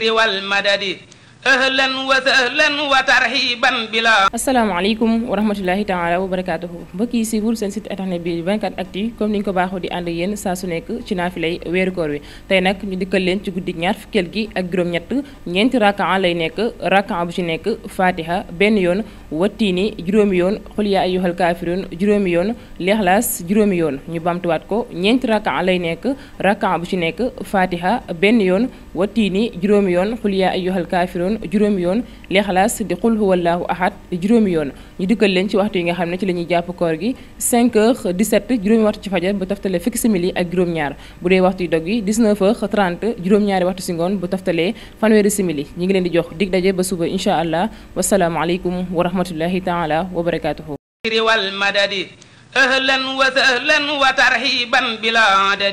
wal madadi ahlan wa sahlan wa tarhiban bila asalaamaaleykum wa rahmatullahi taala wa barakaatuhu mbokk yi siiwul seen site internet bi 24 actu comme ni ñu ko baaxoo di ànd ak yéen saa su nekk ci naafilay weeru koor wi tey nag ñu dikkal leen ci guddi ñaar fukkeel gi ak juróom-ñett ñeenti rakaa lay nekk rakaa bu ci nekk fatiha benn yoon wattiini juróomi yoon xul yaa ayyuhal kaafiruun juróomi yoon lexlaas juróomi yoon ñu bamtuwaat ko ñeenti rakaa lay nekk rakaa bu ci nekk fatiha benn yoon wattiini juróomi yoon xul yoon yoon li xalaas di xul huwallaahu ahad juróomi yoon ñu dikkal leen ci waxtu yi nga xam ne ci la jàpp koor gi 5 heures 17 juróomi waxtu ci fajar bu taftalee fukki simili ak juróom-ñaar bu dee waxtu yi dog yi juróom-ñaari waxtu si ngoon bu taftalee fanweeri simili ñu ngi leen di jox dig daje ba suba incha allah wasalaamualeykum wa rahmatullahi taala wa barakaatuhu. wal madadi ahlan wa sahlan wa tarhiban